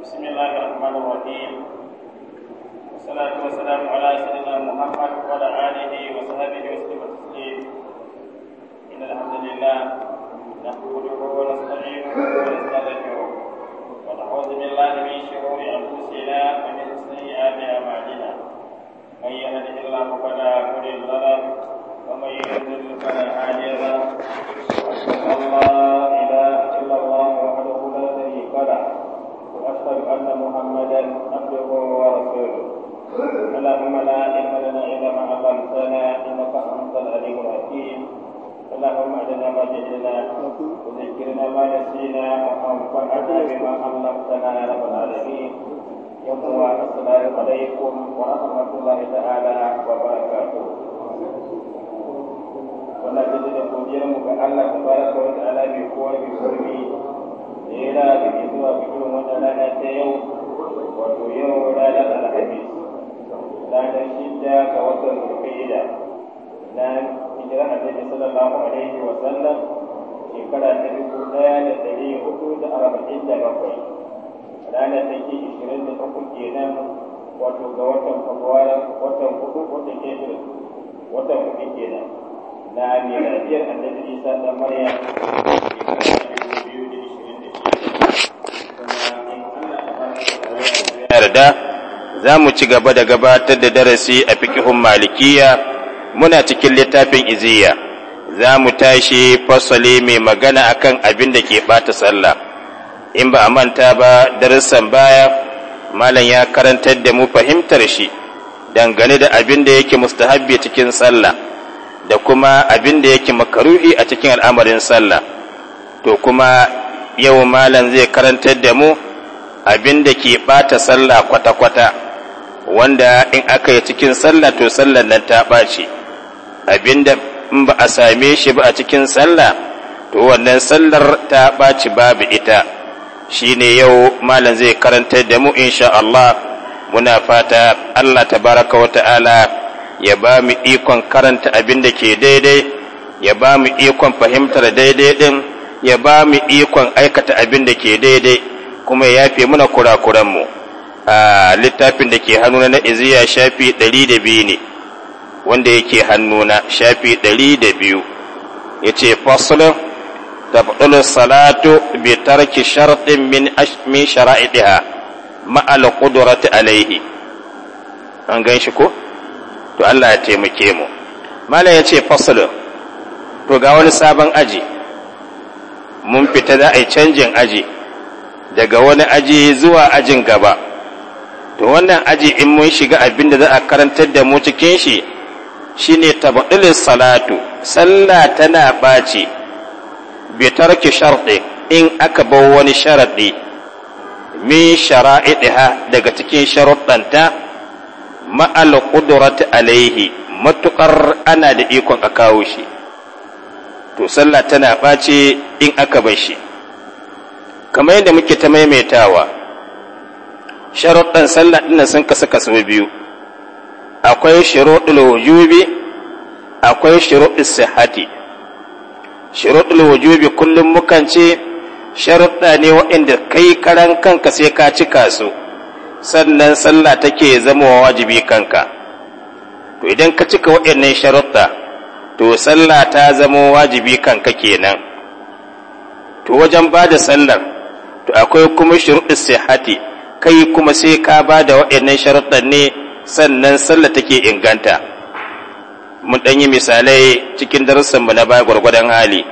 بسم الله الرحمن الرحيم والصلاة والسلام على سيدنا محمد وعلى آله وصحبه وسلم تسليما إن الحمد لله نحمده ونستعينه ونستغفره ونعوذ بالله من شرور أنفسنا ومن سيئات أعمالنا من يهده الله فلا مضل له ومن يضلل فلا هادي له وأشهد أن لا إله إلا الله وحده لا شريك له واشهد ان محمدا عبده ورسوله اللهم لا علم لنا الا ما علمتنا انك انت العليم الحكيم اللهم اجعلنا ما جهلنا وذكرنا ما نسينا وانفعنا بما علمتنا يا رب العالمين يقوى السلام عليكم ورحمه الله تعالى وبركاته wannan da da godiyar mu ga Allah tabaraka wa da ya na biki zuwa fito wannan rana ta yau wato yau ranar alhamis ranar shidda ga watan zulkaida na hijira annabi sallallahu alaihi wa sallam shekara ta dubu ɗaya da ɗari hudu da arba'in da bakwai ranar ta ke ishirin da uku kenan wato ga watan fabuwara watan hudu wata kefir watan hudu kenan na miladiyar annabi isa da maryam shekara ta yarda za mu ci gaba da gabatar da darasi a fikihun malikiya muna cikin littafin iziya za mu tashi fasali mai magana akan abin da ke bata sallah in ba a manta ba darussan baya malam ya karantar da mu fahimtar shi dangane da abin da yake mustahabbi cikin sallah da kuma abin da yake makaruhi a cikin al'amarin sallah to kuma yau malam zai karantar da mu abin da ke ɓata sallah kwata-kwata wanda in aka yi cikin sallah to sallar nan ta ɓaci abin da in ba a same shi ba a cikin sallah to wannan sallar ta ɓaci babu ita shi ne yau malam zai karantar da mu insha Allah muna fata Allah Ta Baraka wa ta'ala ya ba mu ikon karanta abin da ke daidai ya ba mu ikon fahimtar daidai din? ya ba mu ikon aikata abin da ke daidai kuma ya yafe muna kurakuranmu a littafin da ke hannuna na iziya shafi ɗari da biyu ne wanda yake hannuna shafi ɗari da biyu ya ce fasulun tafɗulun salatu bi tarki sharɗin min shara'idiha ma'al ƙudurati alaihi an gan shi ko to Allah ya taimake mu malam ya ce fasulun to ga wani sabon aji mun fita za a yi canjin aji daga wani aji zuwa ajin gaba to wannan aji in mun shiga abin da za a karantar da mu cikin shi shine tabdilin salatu sallah tana ɓaci bi tarki sharɗi in aka bar wani sharaɗi min shara'idha daga cikin sharuɗanta ma'al qudrat alaihi matuƙar ana da ikon a kawo shi to sallah tana ɓace in aka bar shi kamar yadda muke ta maimaitawa sharuɗan sallah ɗin sun kasu kasu biyu akwai shuruɗul wujubi akwai shuruɗul sihhati shuruɗul wujubi kullum mukan ce sharuɗa ne waɗanda kai karan kanka sai ka cika su sannan sallah take zama wajibi kanka to idan ka cika waɗannan sharuɗa to sallah ta zamo wajibi kanka kenan to wajen ba da sallar to akwai kuma shuruɗin sihati kai kuma sai ka ba da waɗannan sharuɗan ne sannan sallah take inganta mun ɗan misalai cikin darasin darussanmu na baya gwargwadon hali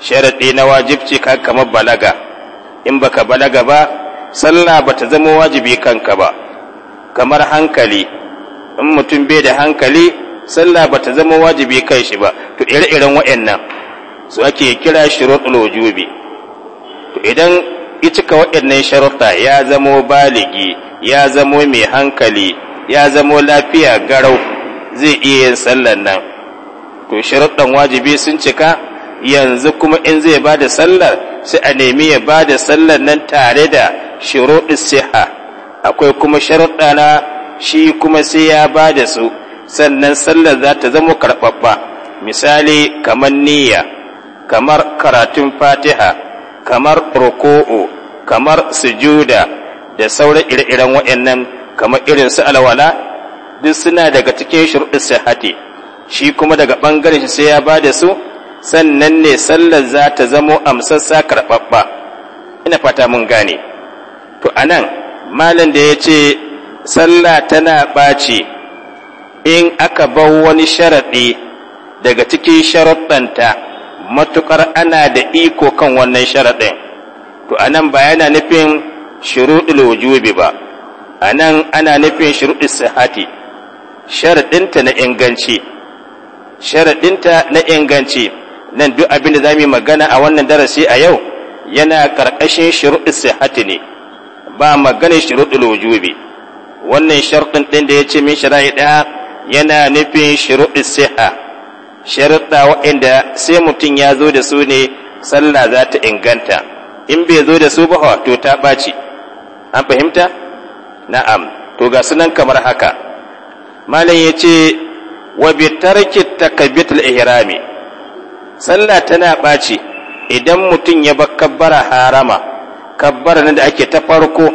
sharaɗi na wajibci ka kamar balaga in baka balaga ba sallah ba ta zama wajibi kanka ba kamar hankali in mutum bai da hankali sallah bata zama wajibi kai shi ba to ire-iren waɗannan su ake kira shuruɗul wujubi to idan ya cika waɗannan sharuɗa ya zama baligi ya zamo mai hankali ya zama lafiya garau zai iya yin sallan nan to sharuɗan wajibi sun cika yanzu kuma in zai ba da sallar sai a nemi ya ba da sallar nan tare da shuruɗin siha akwai kuma sharuɗa na shi kuma sai ya ba da su sannan sallar za ta zama karɓaɓɓa misali kamar niyya kamar karatun fatiha kamar roko'o kamar sujuda da sauran ire-iren waɗannan kamar irin su alwala duk suna daga cikin shurɗin sahati shi kuma daga ɓangaren shi sai ya ba da su sannan ne sallar za ta zamo amsassa karɓaɓɓa ina fata mun gane to anan malam da ya ce sallah tana ɓaci in aka bar wani sharaɗi daga cikin sharaɗanta matuƙar ana da iko kan wannan sharaɗin to a nan ba yana nufin shuruɗul wujubi ba nan ana nufin shuruɗul sahati sharaɗinta na inganci sharaɗinta na inganci nan duk abin da za mu magana a wannan darasi a yau yana ƙarƙashin shuruɗul sahati ne ba maganin shuruɗul wujubi wannan sharaɗin ɗin da ya ce min shara'i ɗaya yana nufin shuruɗi siha sharuɗa waɗanda sai mutum ya zo da su ne sallah za ta inganta in bai zo da su ba to ta ɓaci an fahimta na'am to ga sunan kamar haka malam ya ce wa bi tarki takabbitul ihrami sallah tana ɓaci idan mutum ya bar kabbara harama kabbara da ake ta farko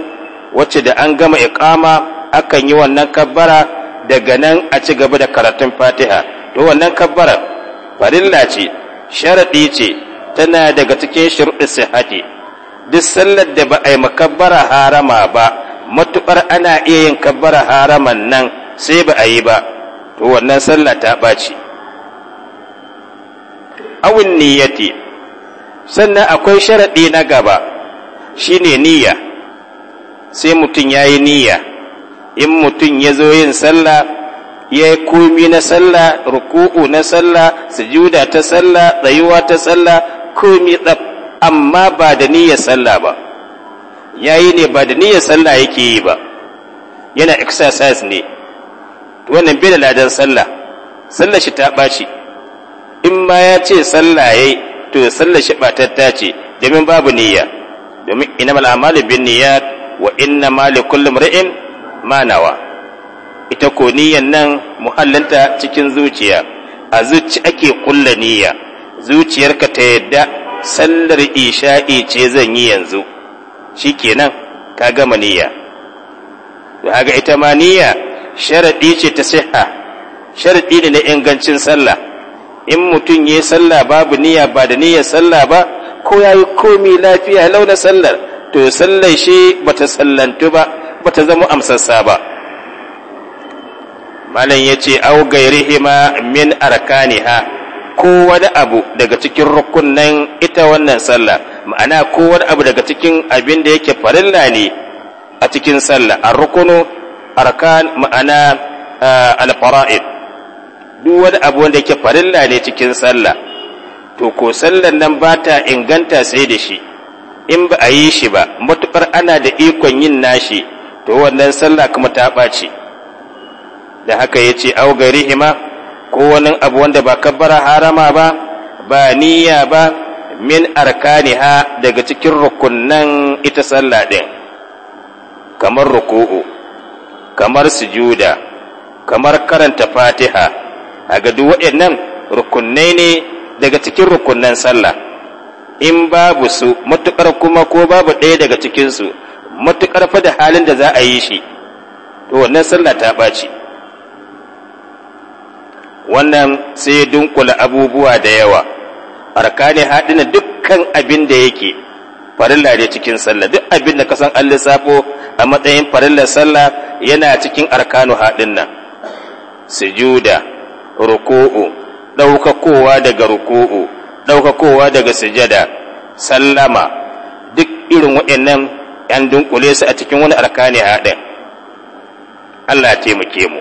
wacce da an gama iqama akan yi wannan kabbara daga nan a ci gaba da karatun fatiha to wannan kabbara farilla ce sharaɗi ce tana daga cikin shirɗi sihati duk sallar da ba a yi makabbara harama ba matuɓar ana iya yin kabbara haraman nan sai ba a yi ba to wannan sallah ta ɓaci awin niyyati sannan akwai sharaɗi na gaba shine niyya sai mutum ya yi niyya in mutum ya zo yin sallah ya yi komi na sallah ruku'u na sallah sujuda ta sallah tsayuwa ta sallah kumi tsaf amma ba da niyyar sallah ba ya yi ne ba da niyyar sallah yake yi ba yana exercise ne wannan bai da ladan sallah sallah shi ta ɓaci in ma ya ce sallah yayi to sallah shi ta ce domin babu niyya domin inna mal'amalu bin niyyat wa inna ma kullum mar'in Manawa ita ko niyyan nan muhallinta cikin zuciya a zuci ake kulla niyya zuciyarka ta yadda sallar isha'i ce zan yi yanzu shikenan ka gama niyya to haga ita ma niyya sharadi ce ta siha sharadi ne na ingancin sallah in mutum ya sallah babu niyya ba da niyyar sallah ba ko yayi yi komi lafiya launa sallar to sallar shi bata sallantu ba ba ta zama amsassa ba malam ya ce au gairihima min arkaniha ko wani abu daga cikin rukunan ita wannan sallah ma'ana ko wani abu daga cikin abin da yake farilla ne a cikin sallah a rukunu arkan ma'ana al-fara'id duk wani abu wanda yake farilla ne cikin sallah to ko sallar nan ba ta inganta sai da shi in ba a yi shi ba matuƙar ana da ikon yin nashi to wannan sallah kuma ta ɓaci da haka ya ce au gari hima ko wani abu wanda ba kabbara harama ba ba niyya ba min arkaniha daga cikin rukunnan ita sallah ɗin kamar ruku'u kamar sujuda kamar karanta fatiha a ga duk waɗannan rukunnai ne daga cikin rukunnan sallah in babu su matuƙar kuma ko babu ɗaya daga cikinsu matuƙar fa da halin da za a yi shi to wannan sallah ta ɓaci wannan sai dunkula abubuwa da yawa arkani haɗina dukkan abin da yake farilla da cikin sallah duk abin da kasan an lissafo a matsayin farillar sallah yana cikin arkanu haɗin nan sujuda ruku'u ɗaukakowa daga ruku'u ɗaukakowa daga sujada sallama duk irin waɗannan Yan dunkule su a cikin wani arkani haɗin Allah taimake mu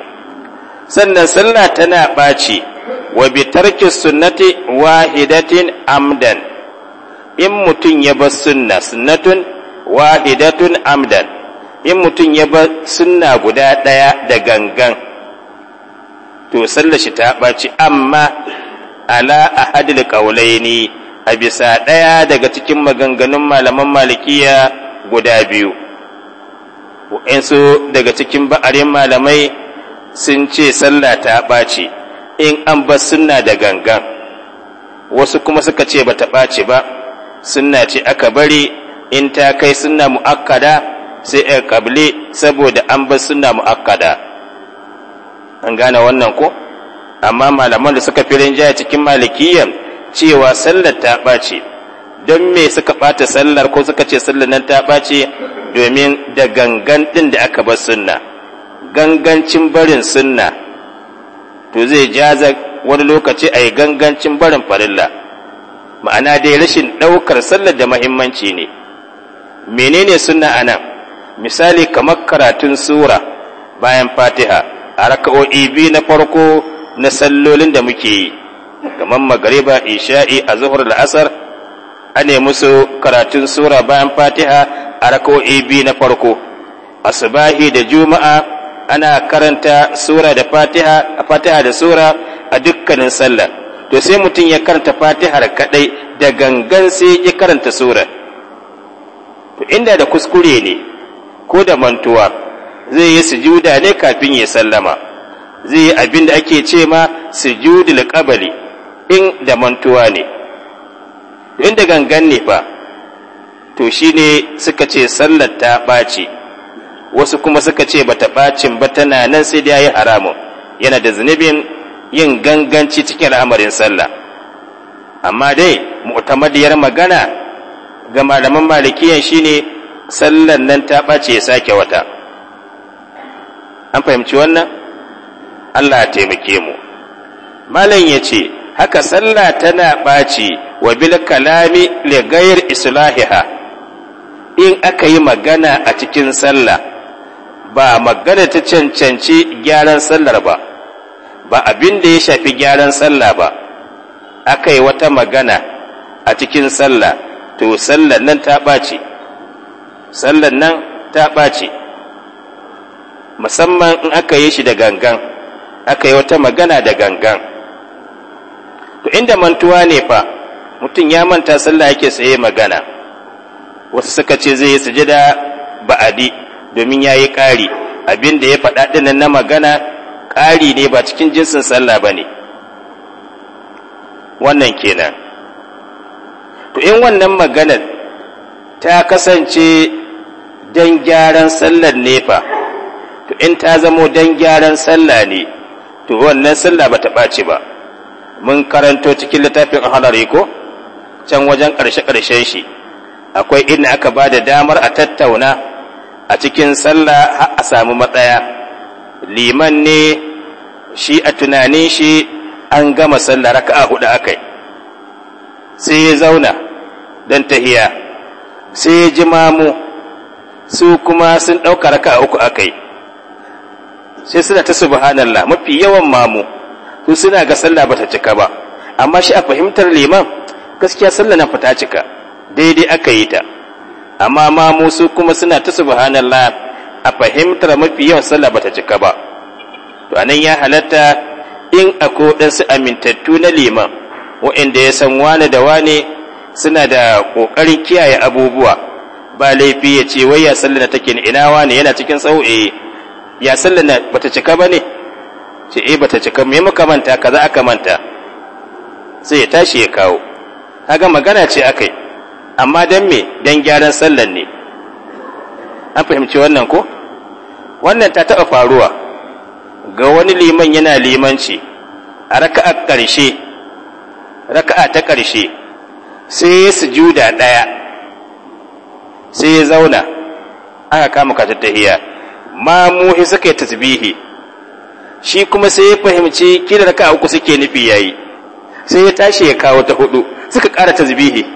sannan sallah tana ɓaci wa bi tarki sunnati wahidatin amdan in mutum ya bar sunna sunnatun wahidatun amdan in mutum ya bar sunna guda ɗaya da gangan to sallar shi ta ɓaci amma ala ahadil qaulaini a bisa ɗaya daga cikin maganganun malaman malikiya guda biyu wa'insu daga cikin ba'arin malamai sun ce sallah ta ɓace in an ba suna da gangan wasu kuma suka ce ba ta ɓace ba suna ce aka bari in ta kai suna mu'akkada sai a kable saboda an ba suna mu'akada. an gane wannan ko amma malaman da suka fi rinjaya cikin malikiyan cewa sallar ta ɓace. don me suka ɓata sallar ko suka ce sallar nan ta ɓace domin da gangan ɗin da aka bar sunna gangancin barin sunna to zai jaza wani lokaci a yi gangancin barin farilla ma'ana dai rashin ɗaukar sallar da mahimmanci ne menene sunna a nan misali kamar karatun sura bayan fatiha a raka'o'i biyu na farko na sallolin da muke yi kamar magariba isha'i a zuhur da ane musu karatun sura bayan fatiha a rako'i biyu na farko asubahi da juma'a ana karanta sura da fatiha a fatiha da sura a dukkanin sallah to sai mutum ya karanta fatihar kadai da gangan sai ya karanta sura to inda da kuskure ne ko da mantuwa zai yi sujuda ne kafin ya sallama zai yi abin da ake ce ma sujudul qabli in da mantuwa ne da gangan ne fa to shi ne suka ce sallar ta ɓaci wasu kuma suka ce bata ɓacin ba tana nan sai da yayi haramun yana da zunubin yin ganganci cikin al'amarin sallah amma dai mu'tamadiyar magana ga malaman malikiyan ne sallar nan ta ɓace ya sake wata an fahimci wannan Allah taimake mu malam ya ce haka sallah tana ɓaci wa bil kalami li ghayr islahiha in aka yi magana a cikin sallah ba magana ta cancanci gyaran sallar ba ba abin da ya shafi gyaran sallah ba aka yi wata magana a cikin sallah to sallar nan ta ɓaci sallar nan ta ɓaci musamman in aka yi shi da gangan aka yi wata magana da gangan to inda mantuwa ne fa mutum ya manta sallah yake saye magana wasu suka ce zai yi sujada ba'adi domin ya yi ƙari abin da ya faɗa ɗinan na magana ƙari ne ba cikin jinsin sallah ba ne wannan kenan to in wannan maganar ta kasance don gyaran sallar nefa to in ta zamo don gyaran sallah ne to wannan sallah ba ta ɓaci ba mun karanto cikin littafin halariko ko can wajen ƙarshe-ƙarshen shi akwai inda aka ba da damar a tattauna a cikin sallah har a samu matsaya liman ne shi a tunanin shi an gama sallah raka'a hudu akai sai ya zauna don tahiya sai ya ji mamu su kuma sun ɗauka raka'a uku akai sai suna ta subhanallah mafi yawan mamu su suna ga sallah bata cika ba amma shi a fahimtar liman gaskiya sallah na fita cika daidai aka yi ta amma ma musu kuma suna ta subhanallah a fahimtar mafi yawan sallah bata cika ba to anan ya halatta in akwai su amintattu na liman waɗanda ya san wani da wani suna da ƙoƙarin kiyaye abubuwa ba laifi ya ce wai ya sallana take ina wani yana cikin tsawo eh ya sallana bata cika ba ne ce eh bata cika me muka manta kaza aka manta sai ya tashi ya kawo kaga magana ce akai amma dan me dan gyaran sallan ne an fahimci wannan ko wannan ta taɓa faruwa ga wani liman yana limanci a raka'a ƙarshe raka'a ta ƙarshe sai ya sujuda ɗaya sai ya zauna aka kama katattahiya mamuhi suka yi tasbihi shi kuma sai ya fahimci kira raka'a uku suke nufi yayi sai ya tashi ya kawo ta hudu suka ƙara tasbihi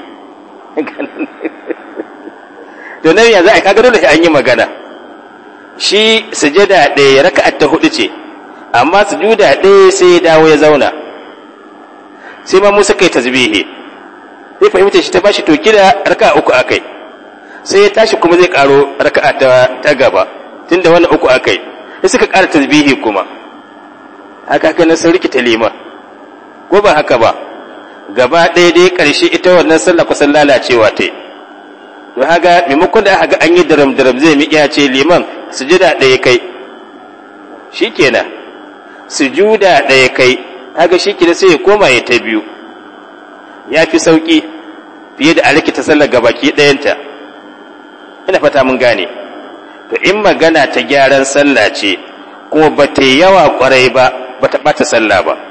to nan yanzu ai kaga dole an yi magana shi sujada ɗaya raka ta hudu ce amma sujuda ɗaya sai ya dawo ya zauna sai ma mu kai ta tasbihi sai fahimta shi ta bashi da raka a uku akai sai ya tashi kuma zai raka a ta gaba tun da wannan uku a kai. sai suka ƙara tasbihi kuma haka haka na sun rikita liman ko ba haka ba gaba ɗaya dai ƙarshe ita wannan sallah kusan lalacewa ta yi to haga maimakon da haga an yi daram daram zai miƙe ya ce liman su sujuda ɗaya kai Shi kenan, ju sujuda ɗaya kai haga kenan sai ya koma ya ta biyu ya fi sauƙi fiye da aliki ta sallar gabaki ɗayanta ina fata mun gane to in magana ta gyaran sallah ce kuma ba ta yawa ƙwarai ba ba ta ɓata sallah ba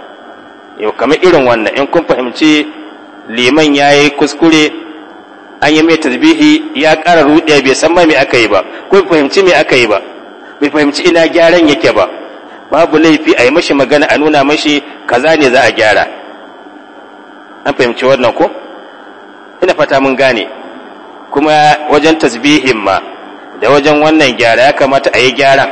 yau kamar irin wannan in kun fahimci liman ya yi kuskure an yi mai tasbihi ya ƙara ruɗe bai san ma me aka yi ba ko bai fahimci me aka yi ba bai fahimci ina gyaran yake ba babu laifi a yi mashi magana a nuna mashi kaza ne za a gyara an fahimci wannan ko ina fata mun gane kuma wajen tasbihin ma da wajen wannan gyara ya kamata a yi gyaran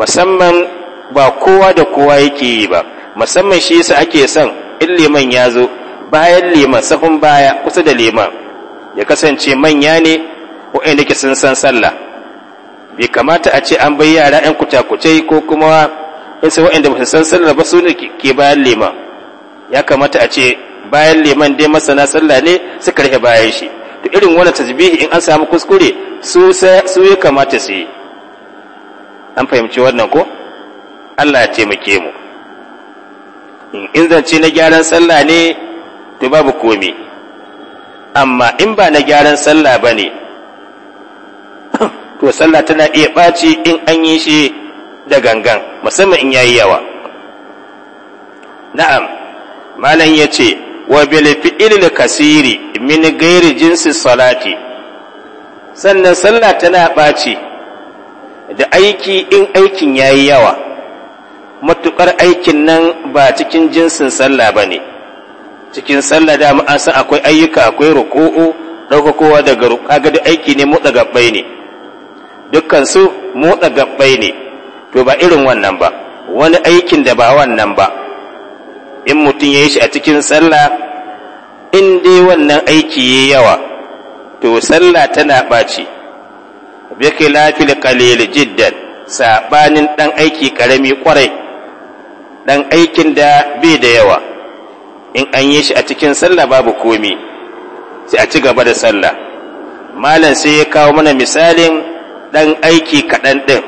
musamman ba kowa da kowa yake yi ba musamman shi yasa ake son in liman ya zo bayan liman sahun baya kusa da liman ya kasance manya ne waɗanda nake sun san sallah bai kamata a ce an bai yara 'yan kucakucai ko kuma sai waɗanda ba su san sallah ba su ne ke bayan liman ya kamata a ce bayan liman dai masana sallah ne suka rufe bayan shi to irin wannan tasbihi in an samu kuskure su su ya kamata su yi an fahimci wannan ko Allah ya taimake mu in zance na gyaran sallah ne to babu komi amma in ba na gyaran sallah ba ne to sallah tana iya ɓaci in an yi shi da gangan musamman in yayi yawa na'am malam ya ce wa bil fi'il kasiri min gairi jinsi salati sannan sallah tana ɓaci da aiki in aikin yayi yawa matuƙar aikin nan ba cikin jinsin sallah ba ne cikin sallah da an san akwai ayyuka akwai ruku'u ɗaukakowa daga ga duk aiki ne motsa gabbai ne dukkan su motsa gabbai ne to ba irin wannan ba wani aikin da ba wannan ba in mutum ya yi shi a cikin sallah in dai wannan aiki ya yawa to sallah tana ɓaci bi khilafil qalil jiddan sabanin dan aiki karami kwarai ɗan aikin da bai da yawa in an yi shi a cikin sallah babu komi sai a ci gaba da sallah malam sai ya kawo mana misalin ɗan aiki kaɗan ɗin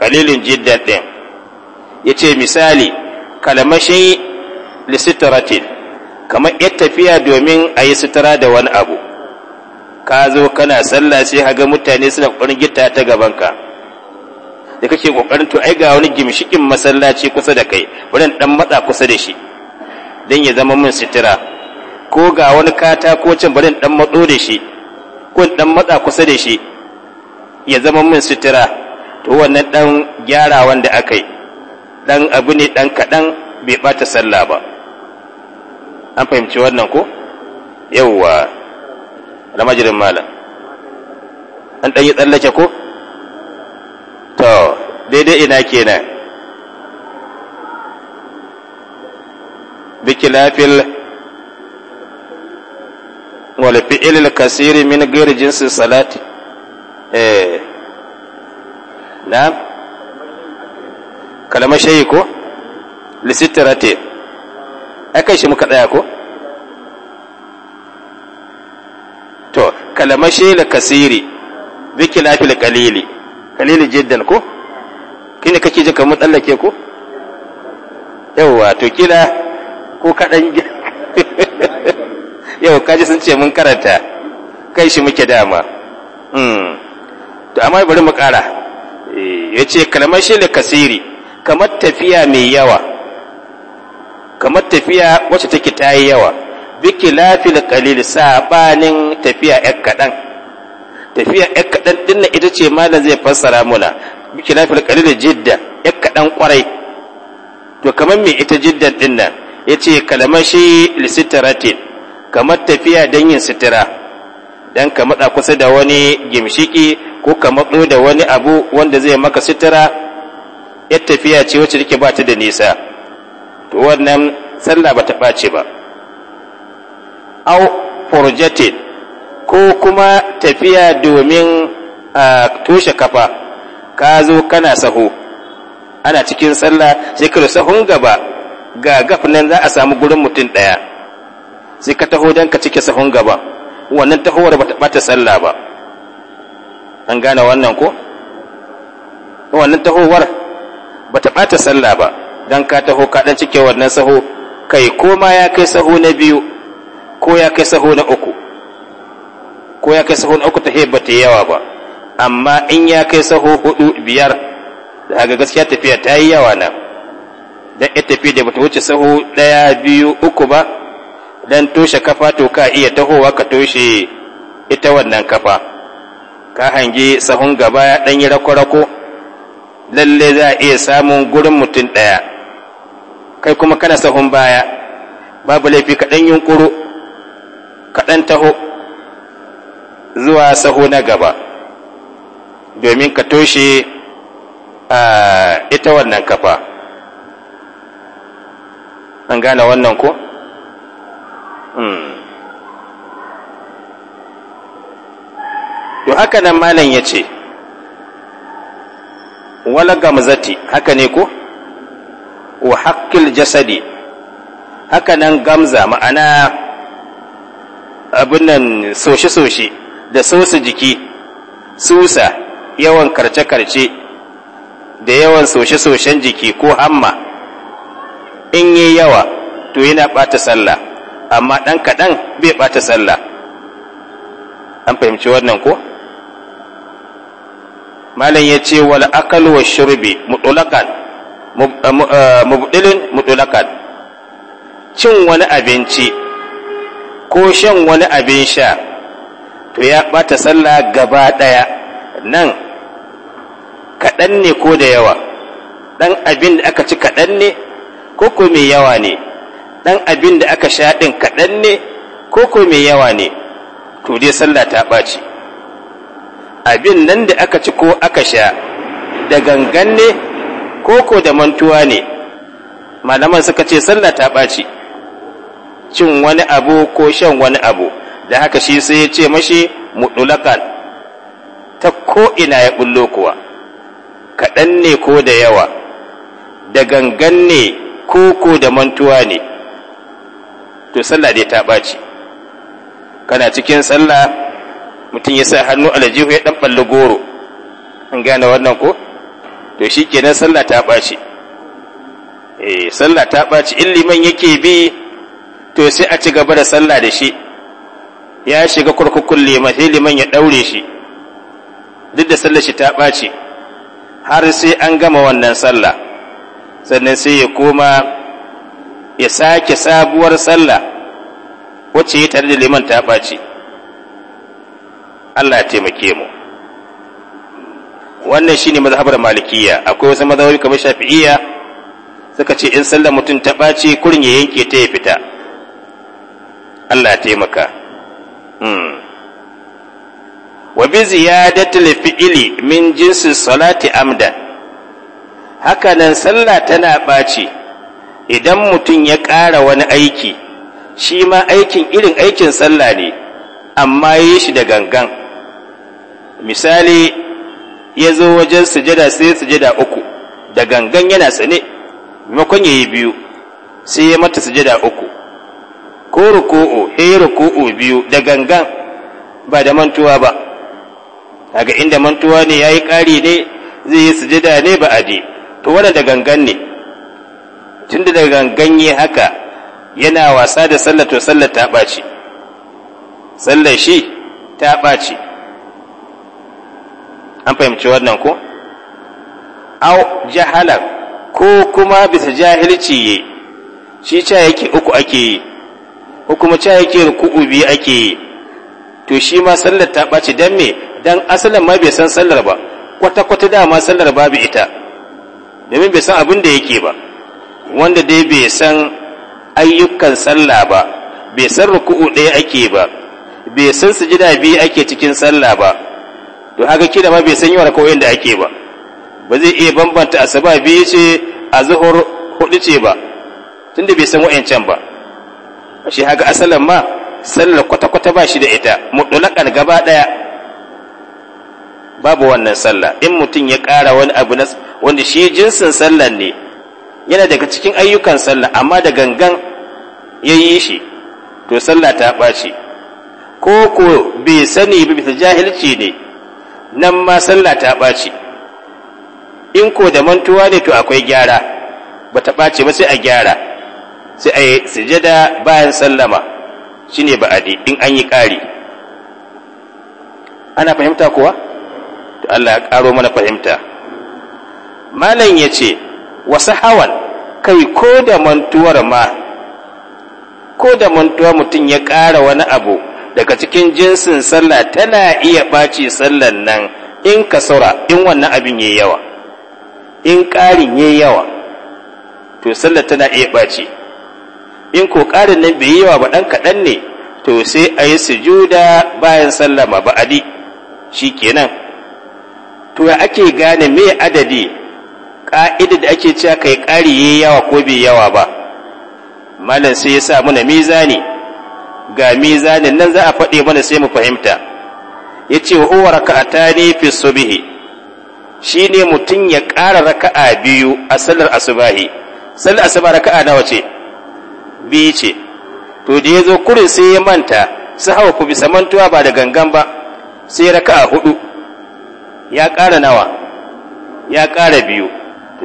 kalilin jiddan ɗin ya ce misali kalmashin lisitaratin kamar ya tafiya domin a yi sutura da wani abu ka zo kana sallah sai ka ga mutane suna ƙungita ta gabanka da kake kokarin to ai ga wani gimshikin masallaci kusa da kai bari dan matsa kusa da shi dan ya zama min sitira ko ga wani katako cin bari dan matso da shi ko dan matsa kusa da shi ya zama min sitira to wannan dan gyara wanda aka yi dan abu ne dan kadan bai bata sallah ba an fahimci wannan ko yawwa lamajirin malam an dan yi tsallake ko to daidai ina kenan kilafil wal fi'il kasiri min ghairi jinsi salati eh na'am kalama shayi ko lisittarate akai shi muka tsaya ko to kalama shayi kasiri kilafil qalili kalilu jiddan ko kine kake jin kamar tsallake ko yawa to kila ko kaɗan yau kaji sun ce mun karanta kai shi muke dama hmm. to amma bari mu ƙara eh, ya ce kalmar shi kasiri kamar tafiya mai yawa kamar tafiya wacce take ta yi yawa biki lafi da kalil saɓanin tafiya ‘yan kaɗan’ tafiya ƴar kaɗan ɗin ita ce malam zai fassara muna fil qalil jidda ƴar kaɗan ƙwarai to kamar me ita jiddan ɗin nan yace kalamashi lisitaratin kamar tafiya don yin sitira dan ka matsa kusa da wani gimshiki ko ka matso da wani abu wanda zai maka sitira ƴar tafiya ce wacce take ba ta da nisa to wannan sallah ba ta ɓace ba au furjatin ko kuma tafiya domin a toshe kafa ka zo kana saho ana cikin sallah sai ka sahun gaba ga gaf nan za a samu gurin mutum ɗaya sai ka taho don ka cike sahun gaba wannan tahowar ba ta ɓata sallah ba an gane wannan ko wannan tahowar ba ta ɓata sallah ba don ka taho ka ɗan cike wannan saho kai ko ma ya kai saho na biyu ko ya kai saho na uku ko ya kai sahu uku ta ba ta yawa ba amma in ya kai saho hudu biyar daga gaskiya tafiya ta yi yawa na dan ita tafi da bata wuce sahu daya biyu uku ba dan toshe kafa to ka iya tahowa ka toshe ita wannan kafa ka hangi sahun gaba ya dan yi rako-rako lalle za a iya samun gurin mutum daya kai kuma kana sahun baya babu laifi ka dan yunkuru ka dan taho zuwa saho na gaba domin ka toshe ita wannan kafa an gane wannan ko? Hmm. to haka nan malam ya ce wala gamzati haka ne ko? wa haƙƙil jasadi haka nan gamza ma'ana abin nan soshe-soshe da sosu jiki susa yawan karce-karce da yawan soshe-soshen jiki ko hamma in yi yawa to yana ɓata sallah amma ɗan kaɗan bai ɓata sallah an fahimci wannan ko? malam ya ce wala akal wa shurbi mutulakan eh, eh, mubdilin mutulakan cin wani abinci ko shan wani abin sha to ya ɓata sallah gaba ɗaya nan kaɗan ne ko da yawa ɗan abin da aka ci kaɗan ne ko ko mai yawa ne ɗan abin da aka sha ɗin kaɗan ne ko ko mai yawa ne to dai sallah ta ɓaci abin nan da aka ci ko aka sha da gangan ne ko ko da mantuwa ne malaman suka ce sallah ta ɓaci cin wani abu ko shan wani abu da haka shi sai ya ce mashi mutulakan ta ko ina ya bullo kuwa kaɗan ne ko da yawa da gangan ne ko ko da mantuwa ne to sallah dai ta ɓaci kana cikin sallah mutum ya sa hannu aljihu ya ɗan ɓalli goro an gane wannan ko to shi kenan sallah ta ɓaci eh sallah ta ɓaci in liman yake bi to sai a ci gaba da sallah da shi ya shiga kurkukun liman sai liman ya ɗaure shi duk da sallar shi ta ɓace, har sai an gama wannan sallah sannan sai ya koma ya sake sabuwar sallah wacce ya tare da liman ta ɓace, Allah ya taimake mu wannan shine mazhabar malikiya akwai wasu mazhabi kamar shafi'iyya suka ce in sallar mutum ta ɓace kurin ya yanke ta ya fita Allah ya taimaka Hmm. wa bi ziyadatil fi'li min jinsi salati Amda. haka nan sallah tana ɓaci idan mutum ya ƙara wani aiki shi ma aikin irin aikin sallah ne amma ya yi shi da gangan misali ya zo wajen sujada sai sujada uku da gangan yana sane maimakon ya yi biyu sai ya mata sujada uku ko ruku'u ya eh, ruku'u biyu da gangan ba da mantuwa ba daga inda mantuwa ne ya yi ƙari ne zai yi sujada ne ba adi to wannan da gangan ne tun da gangan yi haka yana wasa da sallah to sallah ta ɓaci sallar shi ta ɓaci an fahimci wannan ko au jahalan ko kuma bisa jahilci ye shi ca yake uku ake yi ko kuma cewa yake ruku'u biyu ake yi to shi ma sallar ta ɓaci dan me dan asalin ma bai san sallar ba kwata kwata dama sallar babu ita domin bai san abin da yake ba wanda dai bai san ayyukan sallah ba bai san ruku'u ɗaya ake ba bai san sujida biyu ake cikin sallah ba to haka kida ma bai san yawa ko da ake ba ba zai iya bambanta asaba biyu ce a hudu ce ba tunda bai san wa'ancan ba shi haka asalin ma sallar kwata-kwata ba shi da ita mutulakan gaba ɗaya babu wannan sallah in mutum ya ƙara wani abu na wanda shi jinsin sallar ne yana daga cikin ayyukan sallah amma da gangan ya yi shi to sallah ta ɓaci ko ko bai sani ba bisa jahilci ne nan ma sallah ta ɓaci in ko da mantuwa ne to akwai gyara ba ta ɓace ba sai a gyara sai a yi sujada bayan sallama shine ba'adi in an yi ƙari ana fahimta kuwa to Allah ya ƙaro mana fahimta malam ya ce wasu hawan kai ko da mantuwar ma ko da mantuwar mutum ya ƙara wani abu daga cikin jinsin sallah tana iya ɓaci sallan nan in kasura in wannan abin ya yawa in ƙarin ya yawa to sallah tana iya ɓaci in ko karin nan bai yi yawa ba ɗan kaɗan ne to sai a yi sujuda bayan sallama ba adi shi kenan to ya ake gane me adadi ƙa'ida da ake cewa kai ƙari yayi yawa ko bai yawa ba malam sai ya sa mana mizani ga mizanin nan za a faɗi mana sai mu fahimta yace wa raka'ata raka'atani fi subhi ne mutun ya ƙara raka'a biyu a sallar asubahi sallar asuba raka'a nawa ce biyu ce to da ya zo kurin sai ya manta su hawa ku bisa mantuwa ba da gangan ba sai raka a hudu ya ƙara nawa ya ƙara biyu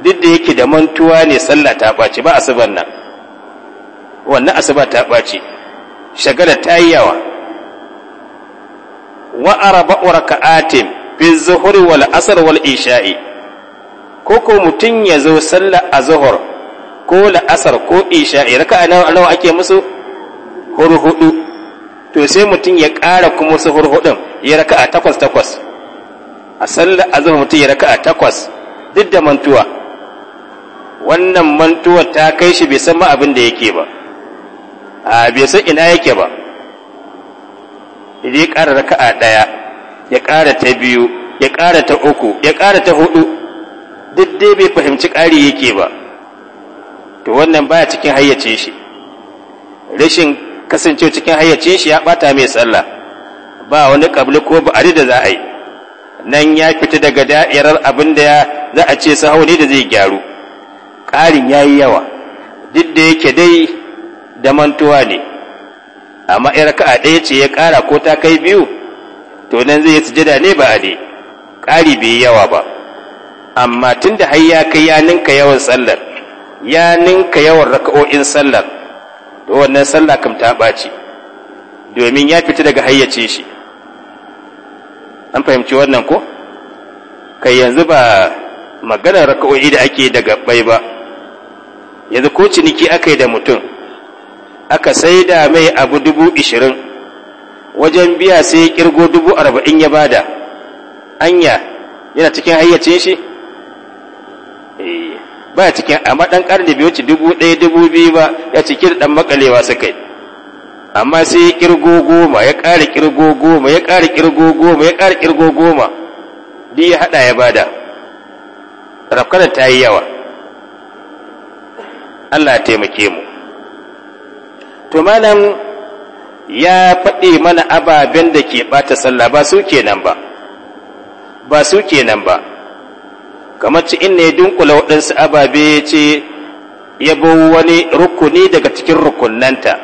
duk da yake da mantuwa ne sallah ta ɓaci ba asubar nan wannan asubar ta ɓaci shagala ta yi yawa wa arba'u atim fi zuhuri wal asar wal isha'i ko ko mutum ya zo sallah a zuhur ko la'asar ko isha'i raka'a nawa ake musu hurhudu to sai mutum ya ƙara kuma su hurhudun ya raka'a takwas takwas a sallar azhar mutum ya raka'a takwas duk da mantuwa wannan mantuwa ta kai shi bai san ma abin da yake ba a bai san ina yake ba idan ya ƙara raka'a ɗaya ya ƙara ta biyu ya ƙara ta uku ya ƙara ta hudu duk dai bai fahimci ƙari yake ba to wannan baya cikin hayyace shi rashin kasancewa cikin hayyace shi ya bata mai sallah ba wani kabli ko ba da za a yi nan ya fita daga da'irar abin da za a ce sahau ne da zai gyaru ƙarin ya yi yawa duk da yake dai da mantuwa ne amma raka a ɗaya ce ya ƙara ko ta kai biyu to nan zai yi sujada ne ba a ne ƙari bai yawa ba amma tun da har ya kai ya ninka yawan sallar ya ninka yawan raka'o'in sallar to wannan sallah kam ta ɓaci domin ya fita daga hayyace shi an fahimci wannan ko kai yanzu ba maganar raka'o'i da ake daga bai ba yanzu ko ciniki aka yi da mutum aka sai da mai abu dubu ishirin wajen biya sai kirgo dubu arba'in ya bada anya yana cikin hayyacin shi eh. ba cikin amma dan karni biyu ci dubu ɗaya dubu biyu ba ya ci kir dan makalewa su kai. amma sai ya kirgo goma ya ƙara kirgo goma ya ƙara kirgo goma ya ƙara kirgo goma duk ya haɗa ya bada rafkanar ta yi yawa Allah taimake mu to malam ya faɗi mana ababen da ke ɓata sallah ba su kenan ba ba su kenan ba kamar ci inna ya dunkula waɗansu ababe ya ce yabo wani rukuni daga cikin rukunanta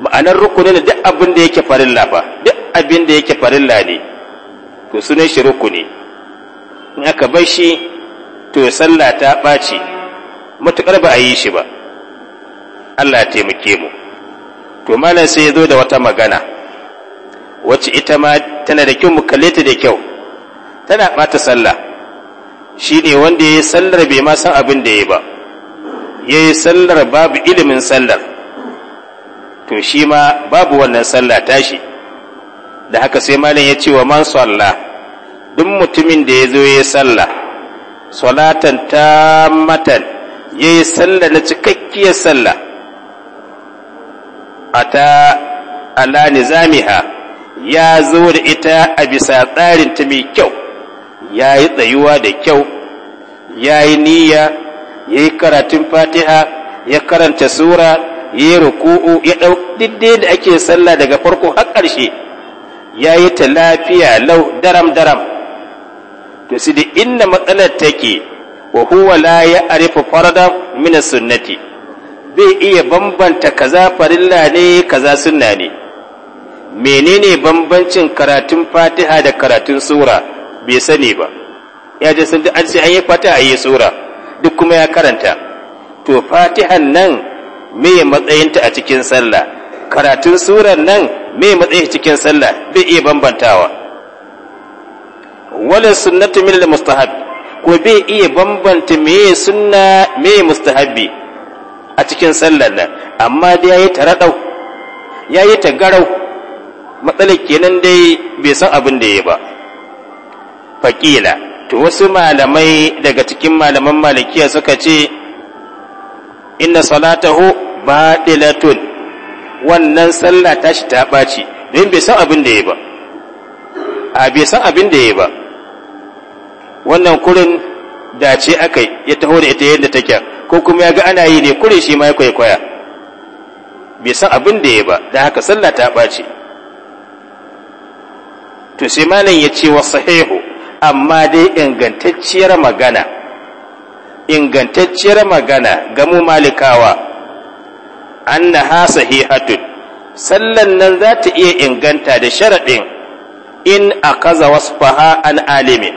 ma'anar rukuni ne duk abin da yake farilla ba duk abin da yake farilla ne to sunan shi rukuni in aka bar shi to sallah ta ɓaci matuƙar ba a yi shi ba Allah ya taimake mu to malam sai ya zo da wata magana wacce ita ma tana da kyau mu kalle da kyau tana ɓata sallah Shi ne wanda ya yi sallar bai ma san abin da ya yi ba Ya yi sallar babu ilimin sallar to shi ma babu wannan sallar tashi da haka sai malam ya ce wa man salla duk mutumin da ya zo yayi sallah salatan ta ya yi sallar na cikakkiyar a ta ala nizamiha ya zo da ita a bisa tsarin ta mai kyau ya yi tsayuwa da kyau ya yi niyya ya yi karatun fatiha ya karanta sura ya yi ruku'u ya ɗau da ake sallah daga farko har ƙarshe ya yi ta lafiya lau daram daram to su da inda matsalar take wa huwa la ya arifa farada mina sunnati bai iya bambanta kaza farilla ne kaza sunna ne menene bambancin karatun fatiha da karatun sura bai sani ba ya ji sun an sai an yi fatiha yi sura duk kuma ya karanta to fatihan nan me matsayinta a cikin sallah karatun suran nan me matsayin cikin sallah bai iya bambantawa wala sunnatu min al-mustahab ko bai iya bambanta me sunna me mustahabi a cikin sallar nan amma dai yayi taradau yayi tagarau matsalar kenan dai bai san abin da yayi ba faƙila to wasu malamai daga cikin malaman malikiya suka ce inna salatahu batilatun wannan sallah tashi ta ɓaci don bai san abin da ya ba a bai san abin da ya ba wannan kurin dace akai ya taho da ita yadda take ko kuma ya ga ana yi ne kurin shi ma ya kwaikwaya bai san abin da ya ba da haka sallah ta ɓaci to sai malam ya ce wa sahihu amma dai ingantacciyar magana ingantacciyar magana ga mu malikawa annaha sahihatun sallan nan za ta iya inganta da sharaɗin in akaza wasfaha an alimi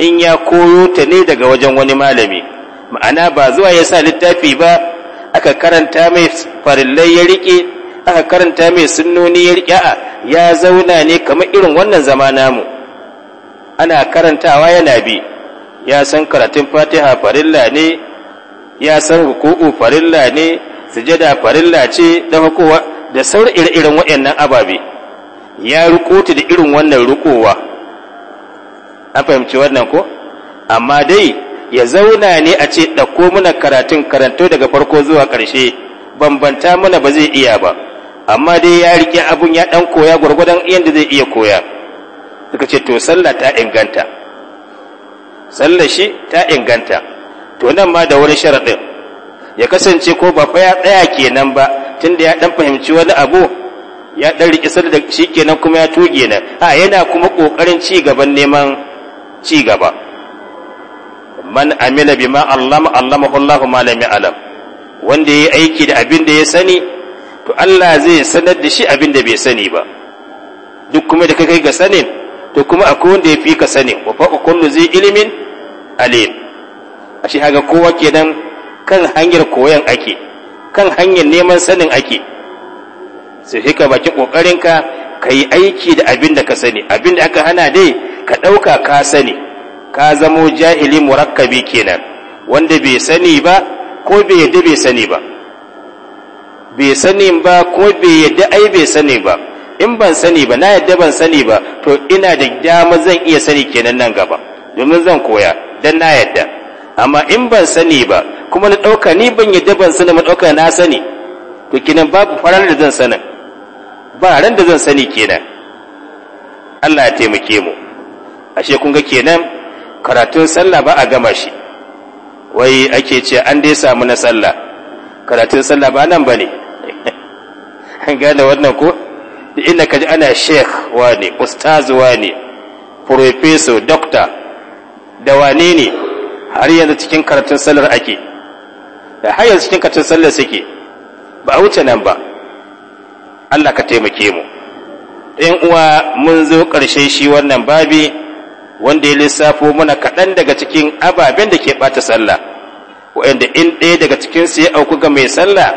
in ya koyo ta ne daga wajen wani malami ma'ana ba zuwa ya sa littafi ba aka karanta mai farillai ya riƙe aka karanta mai sunnoni ya riƙe ya zauna ne kamar irin wannan zama namu ana karantawa yana bi ya san karatun fatiha farilla ne ya san ruku'u farilla ne sujada farilla ce da hukowa da sauran ire-iren waɗannan ababe ya rukuta da irin wannan rukowa an fahimci wannan ko amma dai ya zauna ne a ce ɗauko mana karatun karanto daga farko zuwa ƙarshe bambanta mana ba zai iya ba amma dai ya riƙe abun ya ɗan koya gwargwadon yadda zai iya koya suka ce to sallah ta inganta sallar shi ta inganta to nan ma da wani sharaɗin ya kasance ko ba fa ya tsaya kenan ba tunda ya dan fahimci wani abu ya dan riƙe sallar da shi kenan kuma ya tuge na. a yana kuma ƙoƙarin ci gaban neman ci gaba man amila bima allama allamahu allah ma lam ya'lam wanda yayi aiki da abin da ya sani to Allah zai sanar da shi abin da bai sani ba duk kuma da kai ga sanin to kuma akwai wanda ya fi ka sani wa faqa kullu zai ilimin alim shi haga kowa ke nan kan hanyar koyon ake kan hanyar neman sanin ake sai hika bakin ƙoƙarinka ka yi aiki da abin da ka sani abin da aka hana dai ka ɗauka ka sani ka zamo jahili murakkabi kenan wanda bai sani ba ko bai yadda bai sani ba bai sani ba ko bai yadda ai bai sani ba in ban sani ba na yadda ban sani ba to ina da dama zan iya sani kenan nan gaba domin zan koya dan na yadda amma in ban sani ba kuma na ɗauka ni ban yadda ban sani ba ɗauka na sani to kenan babu farar da zan sanin ba ran da zan sani kenan Allah ya taimake mu ashe kun ga kenan karatun sallah ba a gama shi wai ake ce an dai samu na sallah karatun sallah ba nan ba ne an gane wannan ko da inda ka ji ana sheikh ne, ustaz ne, professor doctor da wane ne har yanzu cikin karatun sallar ake da har yanzu cikin karatun sallar suke ba a wuce nan ba Allah ka taimake mu ɗan uwa mun zo ƙarshe shi wannan babi wanda ya lissafo mana kaɗan daga cikin ababen da ke ɓata sallah waɗanda in ɗaya daga cikinsu ya auku ga mai sallah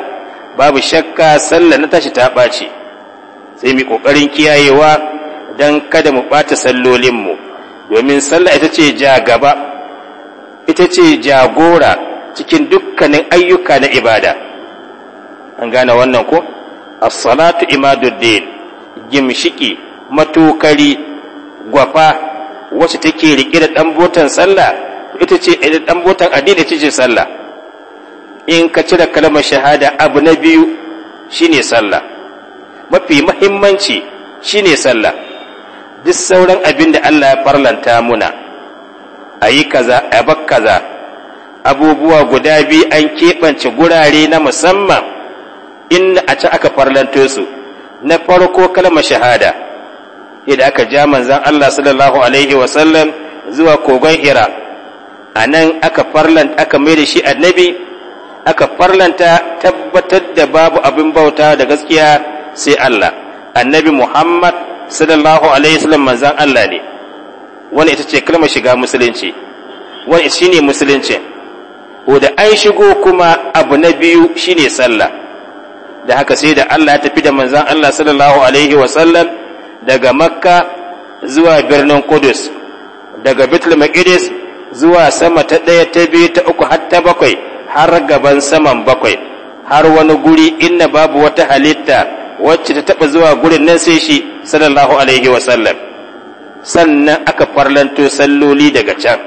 babu shakka sallah na tashi ta ɓaci sai mu kokarin kiyayewa dan kada mu bata sallolin mu domin sallah ita ce ja gaba ita ce jagora cikin dukkanin ayyuka na ibada an gane wannan ko as-salatu imaduddin gimshiki matukari gwafa wacce take rike da dambotan sallah ita ce dambotan eh, addini ita ce sallah in ka cire kalmar shahada abu na biyu shine sallah mafi mahimmanci shine sallah duk sauran abin da Allah ya farlanta muna a yi kaza a bak kaza abubuwa guda biyu an keɓance gurare na musamman inna a can aka farlanto su na farko kalmar shahada idan aka ja manzan Allah sallallahu alaihi wasallam zuwa kogon hira a nan aka farlanta aka mai da shi annabi aka farlanta tabbatar da babu abin bauta da gaskiya sai Allah annabi Muhammad sallallahu alaihi wasallam manzon Allah ne wani ita ce kalmar shiga musulunci wannan shine musulunci ko da an shigo kuma abu na biyu shine sallah da haka sai da Allah ya tafi da manzon Allah sallallahu alaihi wasallam daga Makka zuwa birnin kudus. daga bitul Maqdis zuwa sama ta ɗaya ta biyu ta uku har ta bakwai har gaban saman bakwai har wani guri inna babu wata halitta wacce ta taɓa zuwa gurin nan sai shi sallallahu alaihi wasallam sannan aka farlanto salloli daga can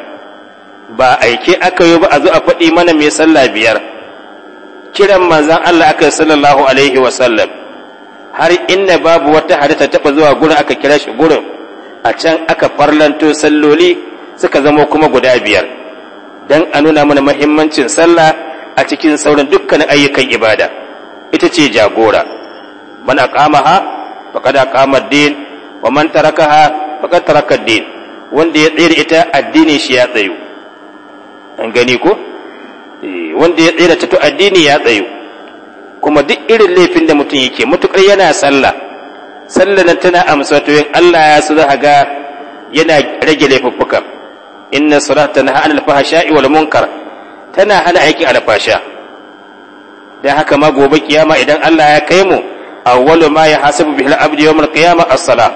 ba aike aka yi ba a zo a faɗi mana mai sallah biyar kiran manzan Allah aka sallallahu alaihi wasallam har inna babu wata ta taɓa zuwa gurin aka kira shi gurin a can aka farlanto salloli suka zama kuma guda biyar don a nuna mana muhimmancin sallah a cikin sauran dukkan ayyukan ibada ita ce jagora man aqamaha faqad aqama ad-din wa man tarakaha faqad din wanda ya tsira ita addini shi eh, ya tsayu kuma duk irin laifin da mutum yake mutukar yana sallah sallah na tana amsa to Allah ya su za yana rage laifuffuka inna salata tanha anil fahsha'i wal munkar tana hana aikin alfasha dan haka ma gobe kiyama idan Allah ya kai mu awwalu ma yahasabu bihi al-abd yawm al-qiyamah as-salah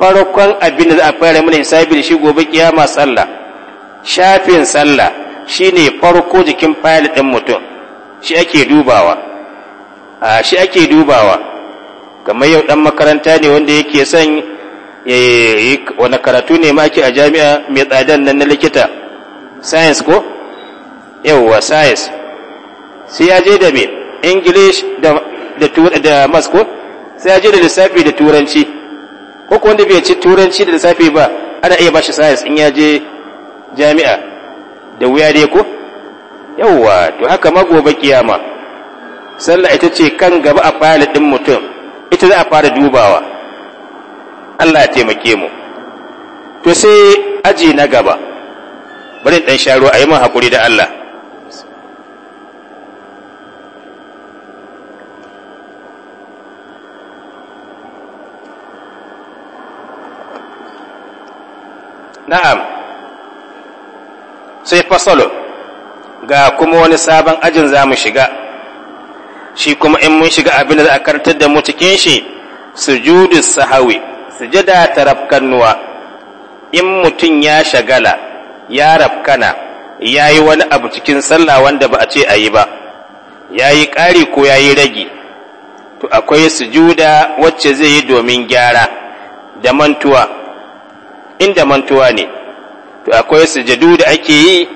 farkon abin da za a fara mana hisabi da shi gobe kiyama sallah shafin sallah shine farko jikin fayil din mutum shi ake dubawa a shi ake dubawa kamar yau dan makaranta ne wanda yake son wani karatu ne ma ake a jami'a mai tsadan nan na likita science ko yauwa science sai ya je da me english da da masko sai ya je da lissafi da turanci ko ko wanda bai ci turanci da lissafi ba ana iya bashi science in ya je jami'a da wuya dai ko yawwa to haka ma gobe kiyama sallah ita ce kan gaba a fayil din mutum ita za a fara dubawa Allah ya taimake mu to sai aji na gaba bari dan sharo a yi min hakuri da Allah na'am sai fasalo ga kuma wani sabon ajin za mu shiga shi kuma in mun shiga abin da za a karantar da mu cikin shi sujudu sahawi sujada ta rafkannuwa in mutum ya shagala ya rafkana ya yi wani abu cikin sallah wanda ba a ce a yi ba ya yi ƙari ko ya yi rage to akwai sujuda wacce zai yi domin gyara da mantuwa inda mantuwa ne to akwai sujadu da ake yi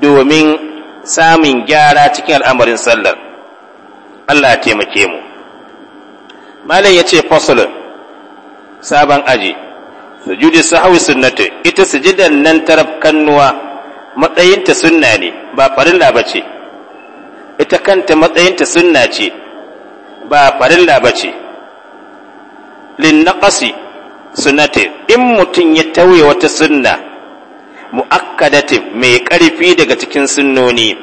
domin samun gyara cikin al'amarin sallar Allah taimake mu malam ya ce fasulun sabon aji sujudi sahawi sunnatu ita sujudan nan taraf kannuwa matsayinta sunna ne ba farilla ba ce ita kanta matsayinta sunna ce ba farilla ba ce lin naqasi sunnatin in mutum ya tauye wata sunna mu'akkadatin mai ƙarfi daga cikin sunnoni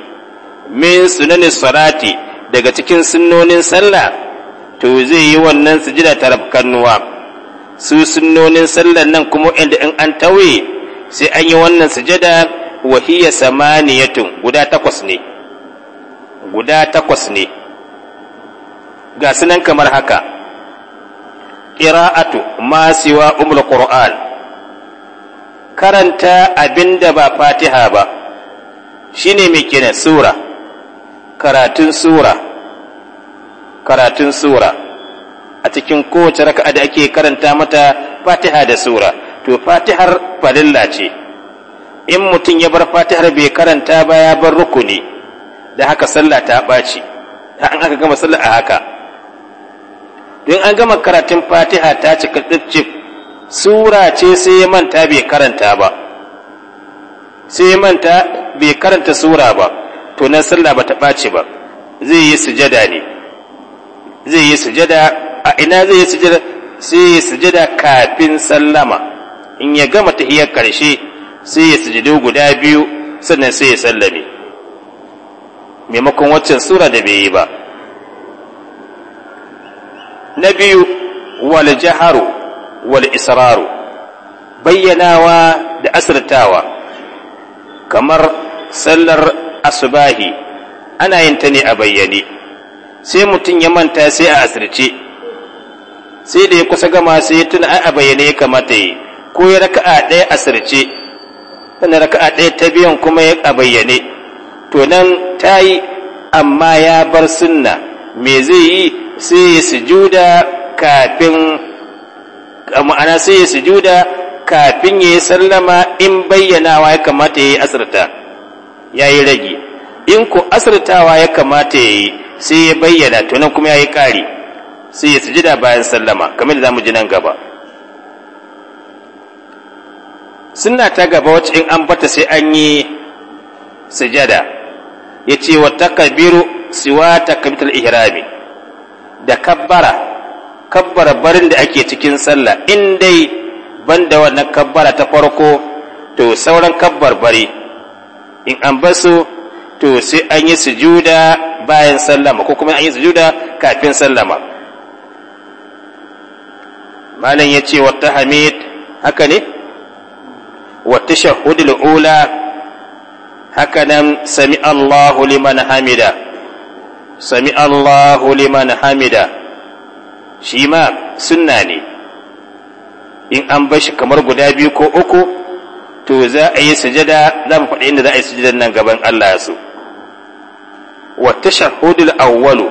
min sunanin salati daga cikin sunnonin sallah to zai yi wannan sujida ta rabkannuwa su sunnonin sallar nan kuma inda in an tauye sai an yi wannan sujada wahiya samaniyatun guda takwas ne guda takwas ne ga sunan kamar haka qira'atu ma siwa umul qur'an karanta abinda ba fatiha ba shine mai kenan sura karatun sura karatun sura a cikin kowace raka'a da ake karanta mata fatiha da sura to fatihar farilla ce in mutum ya bar fatihar bai karanta ba ya bar rukuni da haka sallah ta ɓaci an aka gama sallah a haka don an gama karatun fatiha ta cika ɗifcif sura ce sai ya manta bai karanta ba sai ya manta bai karanta sura ba to nan sallah ba ta ɓaci ba zai yi sujada ne zai yi sujada a ina zai yi sujada sai ya sujada kafin sallama in ya gama tahiyar ƙarshe sai ya sujadu guda biyu sannan sai ya sallame maimakon waccan sura da bai yi ba na biyu wal jaharu wal israru bayyanawa da asirtawa kamar sallar asubahi ana yin ta ne a bayyane sai mutum ya manta sai a asirce sai da ya kusa gama sai tuna a bayyane ya kamata yi ko ya raka'a ɗaya asirce sannan raka'a ɗaya ta biyan kuma ya a bayyane to nan ta yi amma ya bar sunna me zai yi sai ya sujuda kafin ma'ana sai sujuda kafin ya yi sallama in bayyanawa ya kamata ya yi asirta ya yi rage in ku asirtawa ya kamata ya yi sai ya bayyana tunan kuma ya yi ƙari sai ya sujuda bayan sallama kamar da za mu ji nan gaba suna ta gaba wacce in an bata sai an yi sujada ya ce wa takabiru siwa takabiratul ihrami da kabbara kabbara barin da ake cikin sallah in dai ban da wannan kabbara ta farko to sauran kabbar bari in an basu to sai an yi sujuda bayan sallama ko kuma an yi sujuda kafin sallama malam ya ce wata hamid haka ne wata shahudul ula haka nan sami Allahu liman hamida sami Allahu liman hamida shi ma sunna ne in an bashi kamar guda biyu ko uku to za a yi sujada za mu faɗi inda za a yi sujadan nan gaban Allah su wa tashahhudul awwalu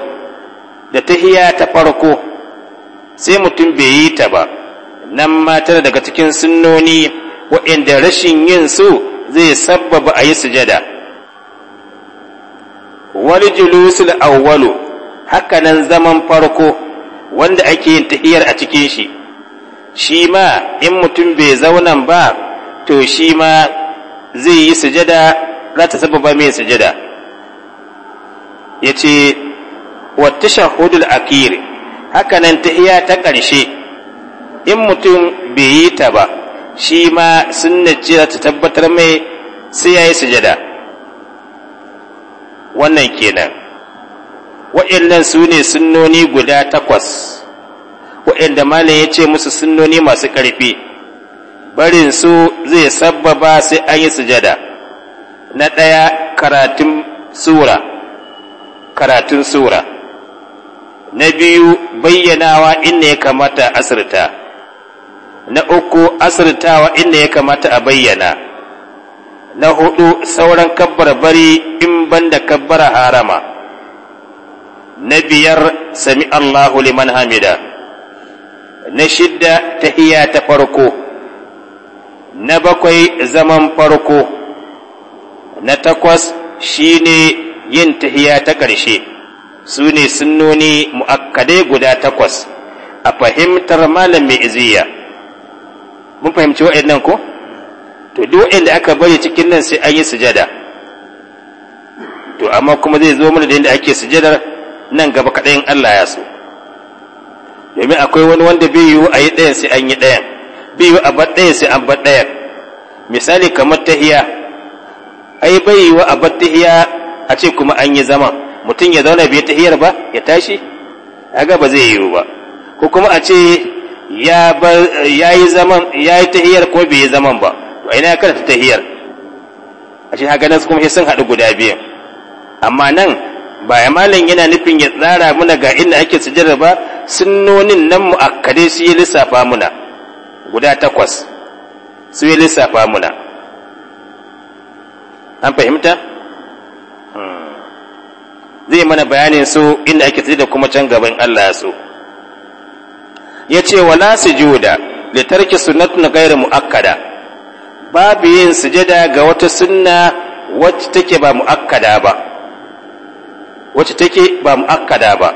da tahiyya ta farko sai mutum bai yi ta ba nan ma tana daga cikin sunnoni waɗanda rashin yin su zai sabbaba a yi sujada wani julusul awwalu hakanan zaman farko wanda ake yin tahiyar a cikin shi shi ma in mutum bai zauna ba to shi ma zai yi sujada za ta sababa mai sujada ya ce wata shahudul akir haka nan tahiya ta ƙarshe in mutum bai yi ta ba shi ma sunna ta tabbatar mai sai ya yi sujada wannan kenan wa'annan su ne sunnoni guda takwas wa'anda mala ya ce musu sunnoni masu ƙarfi barin su zai sabbaba sai an yi sujada na ɗaya karatun sura karatun sura na biyu bayyanawa inda ya kamata asirta na uku asirtawa inda ya kamata a bayyana na hudu sauran kabbar bari in banda kabbara harama na biyar sami Allahu liman hamida na shidda tahiya ta farko na bakwai zaman farko na takwas shine yin tahiya ta ƙarshe su ne sunnoni mu'akkadai guda takwas a fahimtar malam mai iziya mun fahimci waɗannan ko? to duk da aka bari cikin nan sai an yi sujada to amma kuma zai zo mana da yadda ake sujadar nan gaba kaɗayin Allah ya so domin akwai wani wanda bai yiwu a yi ɗayan sai an yi ɗayan bai yiwu a bar ɗayan sai an bar ɗayan misali kamar tahiya ai bai yiwu a bar tahiya a ce kuma an yi zaman mutum ya zauna bai tahiyar ba ya tashi aga ba zai yiwu ba ko kuma a ce ya yi zaman ya yi tahiyar ko bai yi zaman ba to ina ya ta tahiyar a shi haka nan kuma sun haɗu guda biyu amma nan ba ya malam yana nufin ya tsara muna ga inda ake sujjada ba sunnonin nan akade su yi lissafa muna guda takwas su yi lissafa muna an fahimta hmm. zai mana bayanin su inda ake sujjada kuma can gaban Allah ya so ya ce wala sujuda li tarki sunnatun ghairu mu'akkada babu yin sujada ga wata sunna wacce take ba mu'akkada ba wacce take ba mu'akkada ba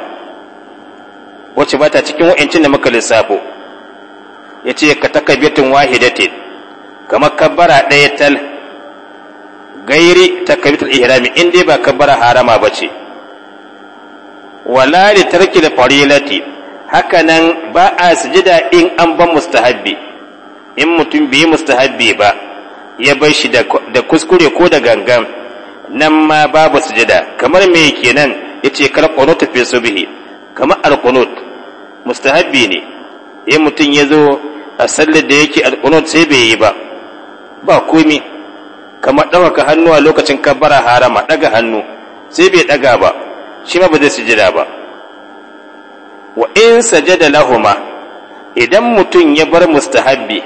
wacce ba ta cikin wa'incin da muka lissafo ya ce ka takabiyatin wahidatin kama kabbara ɗaya tal gairi takabiyatul ihrami in dai ba kabbara harama ba ce wala li tarki da farilati hakanan ba a sujada in an ban mustahabbi in mutum bai mustahabbi ba ya bar shi da kuskure ko da gangan nan ma babu sujada kamar me kenan yace kal qunut fi subhi kamar al qunut mustahabbi ne ya eh, mutum ya zo a sallar da yake al qunut sai bai yi ba ba komi kamar ɗaukaka hannu a lokacin kabbara harama ɗaga hannu sai bai ɗaga ba shi ma ba zai sujada ba wa in sajada lahuma idan mutum ya bar mustahabbi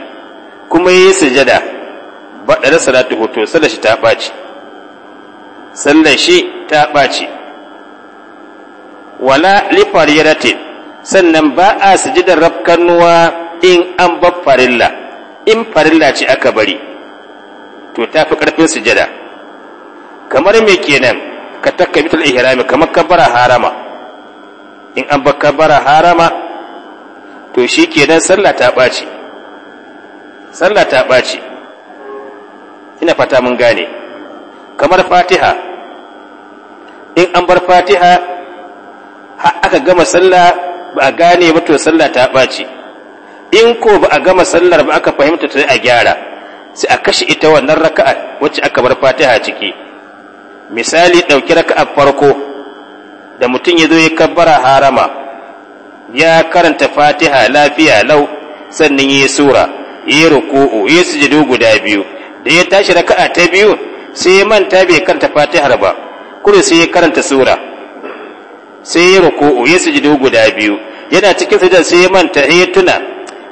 kuma ya yi sujada baɗaɗa salatu hoto sallar shi ta ɓaci sallar shi ta ɓaci wala yaratin, sannan ba a sujidar rafkanuwa in an ba farilla in farilla ce aka bari to ta fi ƙarfin sujada kamar me kenan ka takka bitul ihrami kamar bara harama in an bar bara harama to shi kenan sallah ta ɓaci sallah ta ɓaci ina fata mun gane kamar fatiha in an bar fatiha ha aka gama sallah ba a gane ba to sallah ta ɓaci in ko ba a gama sallar ba aka fahimta ta a gyara sai a kashe ita wannan raka'a wacce aka bar fatiha ciki misali ɗauki raka'a farko da mutum ya zo ya kabbara harama ya karanta fatiha lafiya lau sannan ya yi sura ya yi ruku'u ya sujudu guda biyu da ya tashi raka'a ta biyu sai ya manta bai karanta fatihar ba kuma sai ya karanta sura sai ya ruku'u ya sujudu guda biyu yana cikin sujudan sai ya manta ya tuna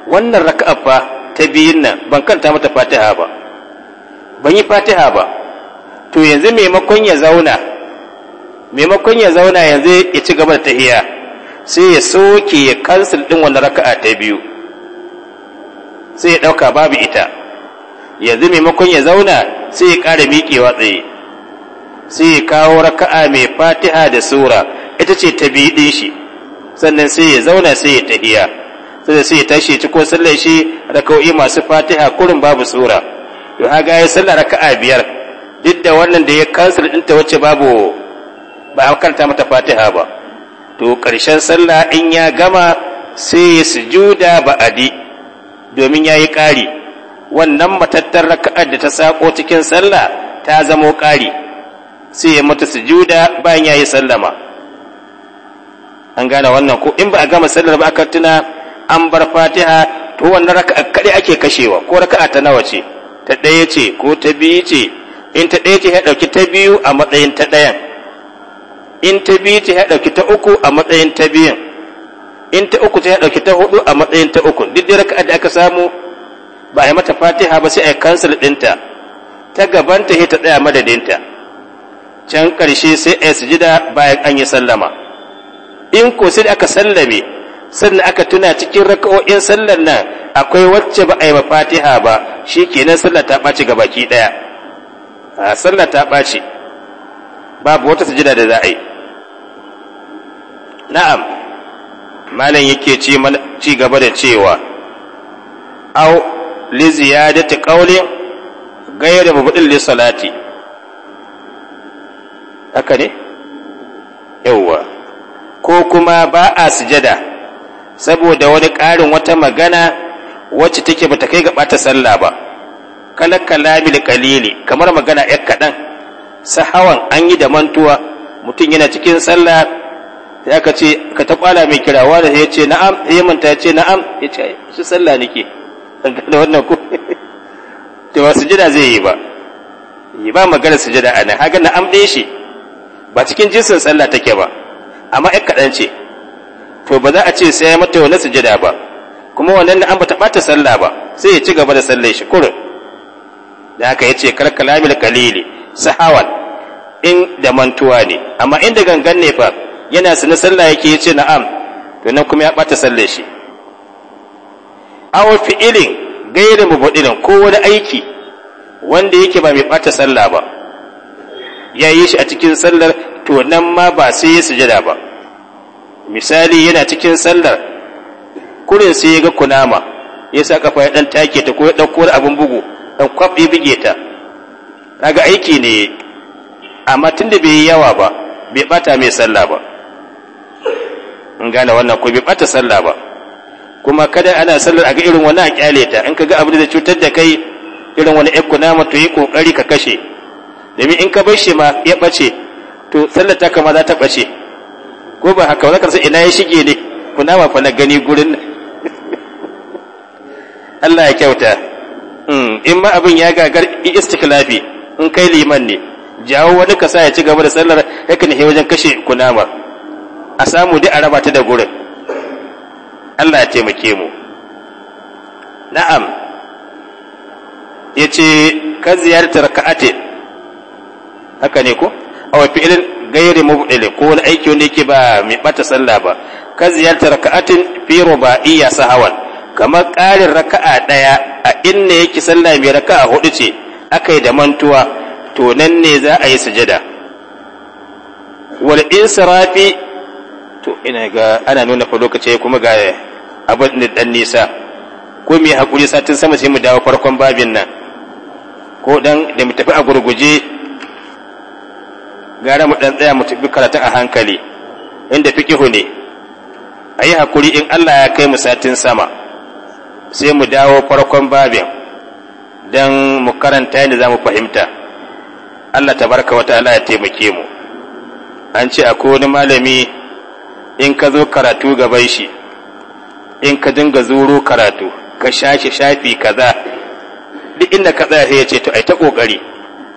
wannan raka'a fa ta biyun nan ban karanta mata fatiha ba ban yi fatiha ba to yanzu maimakon ya zauna maimakon ya zauna yanzu ya ci gaba da tahiya sai ya soke ya kansil din wannan raka'a ta biyu sai ya dauka babu ita yanzu maimakon ya zauna sai ya ƙara miƙewa tsaye sai ya kawo raka'a mai fatiha da sura ita ce ta biyu shi sannan sai ya zauna sai ya tahiya sai sai ya tashi ciko sallar shi raka'o'i masu fatiha kurin babu sura to ga ya sallar raka'a biyar duk da wannan da ya kansar ta wacce babu ba a karanta mata fatiha ba to ƙarshen sallah in ya gama sai ya sujuda ba'adi domin ya yi ƙari wannan matattar raka'ar da ta sako cikin sallah ta zamo ƙari sai ya mutu sujuda bayan ya yi sallama an gane wannan ko in ba a gama sallar ba aka tuna an bar fatiha to wannan raka'a kaɗai ake kashewa ko raka'a ta nawa ce ta ɗaya ce ko ta biyu ce in ta ɗaya ce ya ɗauki ta biyu a matsayin ta ɗayan in ta biyu ce ya ɗauki ta uku a matsayin ta biyun in ta uku ce ya ɗauki ta hudu a matsayin ta uku duk da raka'a da aka samu ba a yi mata fatiha ba sai a yi kansil ɗinta ta gaban ta tsaya madadinta can ƙarshe sai a yi sujida bayan an yi sallama in ko sai aka sallame sannan aka tuna cikin raka'o'in sallar nan akwai wacce ba a yi ma fatiha ba shi kenan sallar ta ɓaci ga baki ɗaya a sallar ta ɓaci babu wata sujida da za a yi na'am malam yake ci gaba da cewa au li ziyadati qawlin ghayri mubdil li salati haka ne yawwa ko kuma ba a sujada saboda wani ƙarin wata magana wacce take bata kai ga ɓata salla ba kala kalamil qalili kamar magana ƴar kaɗan sahawan an yi da mantuwa mutum yana cikin sallah sai aka ce ka ta kwala mai kirawa da ya ce na'am ya eh, manta ya ce na'am ya ce shi sallah nake da wannan ku to ba sujada zai yi ba yi ba magana sujada a nan haka na amɗe shi ba cikin jinsin sallah take ba amma ƴan kaɗan ce to ba za a ce sai ya mata wani sujada ba kuma wannan na an ba ta sallah ba sai ya ci gaba da sallar shi kurin da haka ya ce kar kalili sahawan in da mantuwa ne amma inda gangan ne fa yana sanar sallah yake ya ce na'am to nan kuma ya ɓata sallar shi awa fi'ilin gairin mubadilin ko wani aiki wanda yake ba mai bata sallah ba ya yi shi a cikin sallar to nan ma ba sai ya sujada ba misali yana cikin sallar kurin sai ya ga kunama ya sa kafa ya dan take ta ko ya dauko abin bugu dan kwaf ya bige ta kaga aiki ne amma tunda bai yi yawa ba bai bata mai sallah ba in gane wannan ko bai bata sallah ba kuma kada ana sallar a ga irin wani a kyale ta in ka ga abin da cutar da kai irin wani ƴan kunama to yi kokari ka kashe domin in ka bar shi ma ya bace to sallar ta kama za ta bace ko ba haka wani karsa ina ya shige ne kunama ma na gani gurin Allah ya kyauta hmm, in ma abin ya gagar istiklafi in kai liman ne jawo wani kasa ya ci gaba da sallar yakan wajen kashe kunama a samu dai a raba ta da gurin Allah ya taimake mu na'am yace ka ziyartar ate haka ne ko aw fi'lin gairi mubdil ko wani aiki wanda yake ba mai bata sallah ba ka ziyartar ka'atin fi ruba'iyya sahawan kamar ƙarin raka'a daya a inna yake sallah mai raka'a hudu ce akai da mantuwa to nan ne za a yi sujada wal insirafi to ina ga ana nuna fa lokaci kuma ga abin da dan nisa ko mu yi hakuri satin sama sai mu dawo farkon babin nan ko dan da mu tafi a gurguje gara mu dan tsaya mu tafi karatu a hankali inda fiqihu ne ayi yi hakuri in Allah ya kai mu satin sama sai mu dawo farkon babin dan mu karanta yadda za mu fahimta Allah tabaraka wa ta'ala ya taimake mu an ce akwai wani malami in ka zo karatu gaban shi in ka dinga zuro karatu ka shashi shafi kaza duk inda ka tsaya sai ya ce to ai ta kokari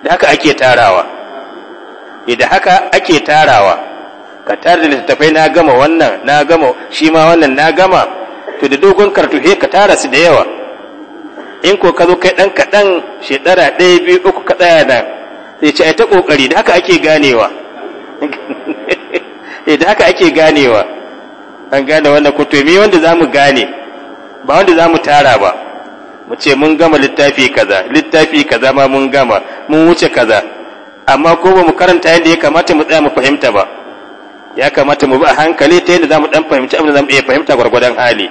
da haka ake tarawa idan eh, haka ake tarawa ka tara da littattafai na gama wannan na gama shi ma wannan na gama to da dogon karatu he ka tara su da yawa in ko ka zo kai dan kaɗan shekara ɗaya biyu uku ka tsaya nan sai ce ai ta kokari da haka ake ganewa eh, da haka ake ganewa an gane wannan ko to me wanda zamu gane ba wanda zamu tara ba mu ce mun gama littafi kaza littafi kaza ma mun gama mun wuce kaza amma ko ba mu karanta yadda ya kamata mu tsaya mu fahimta ba ya kamata mu bi a hankali ta yadda zamu dan fahimci abin da zamu iya fahimta gwargwadon hali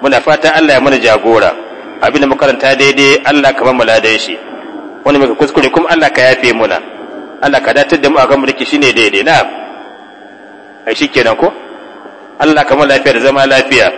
muna fatan Allah ya mana jagora abin da mu karanta daidai Allah ka bamu ladan shi wani muka kuskure kuma Allah ka yafe muna Allah ka datar da mu a kan mulki shine daidai na ai shikenan ko Allah kama lafiya da zama lafiya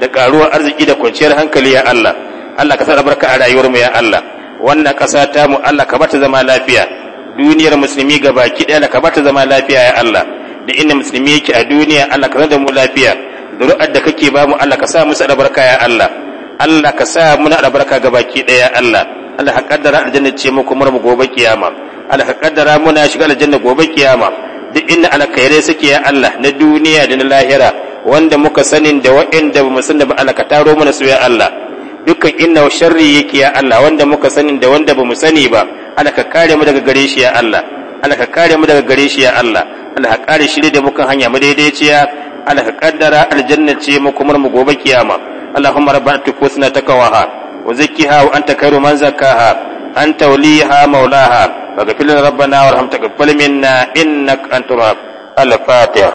da karuwar arziki da kwanciyar hankali ya Allah Allah ka sa albarka a rayuwar mu ya Allah wannan ƙasa ta mu Allah ka bata zama lafiya duniyar musulmi gabaki ɗaya ka bata zama lafiya ya Allah da inda musulmi yake a duniya Allah ka da mu lafiya zuri'ar da kake ba mu Allah ka sa musu albarka ya Allah Allah ka sa muna albarka gabaki ɗaya ya Allah Allah ka kaddara aljanna ce mu kuma mu gobe kiyama Allah ka kaddara muna shiga aljanna gobe kiyama duk inda alkhairai suke ya Allah na duniya da na lahira wanda muka sanin da wa'inda ba mu san da ba alaka taro mana su ya Allah dukkan inna sharri yake ya Allah wanda muka sanin da wanda ba mu sani ba alaka kare mu daga gare shi ya Allah alaka kare mu daga gare shi ya Allah Allah kare shi da mukan hanya mu daidaiciya alaka kaddara aljanna ce mu kuma mu gobe kiyama Allahumma rabbana tufusna takawaha وزكها وأنت خير من زكاها أنت وليها مولاها فاغفر لنا ربنا وارحم تقبل منا إنك أنت الوهاب الفاتحة